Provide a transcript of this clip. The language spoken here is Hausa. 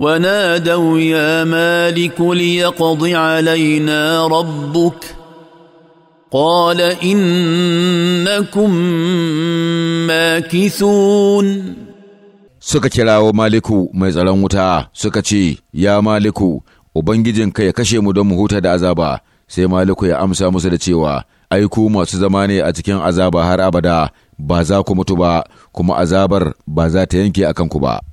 ونادوا يا مالك ليقض علينا ربك قال إنكم ماكثون suka kirawo Maliku mai tsaron wuta suka ce, Ya Maliku, Ubangijinka ya kashe mu don mu huta da azaba, sai Maliku ya amsa musu da cewa, Aiku masu zama ne a cikin azaba har abada, ba za ku mutu ba, kuma azabar ba za ta yanke a kanku ba.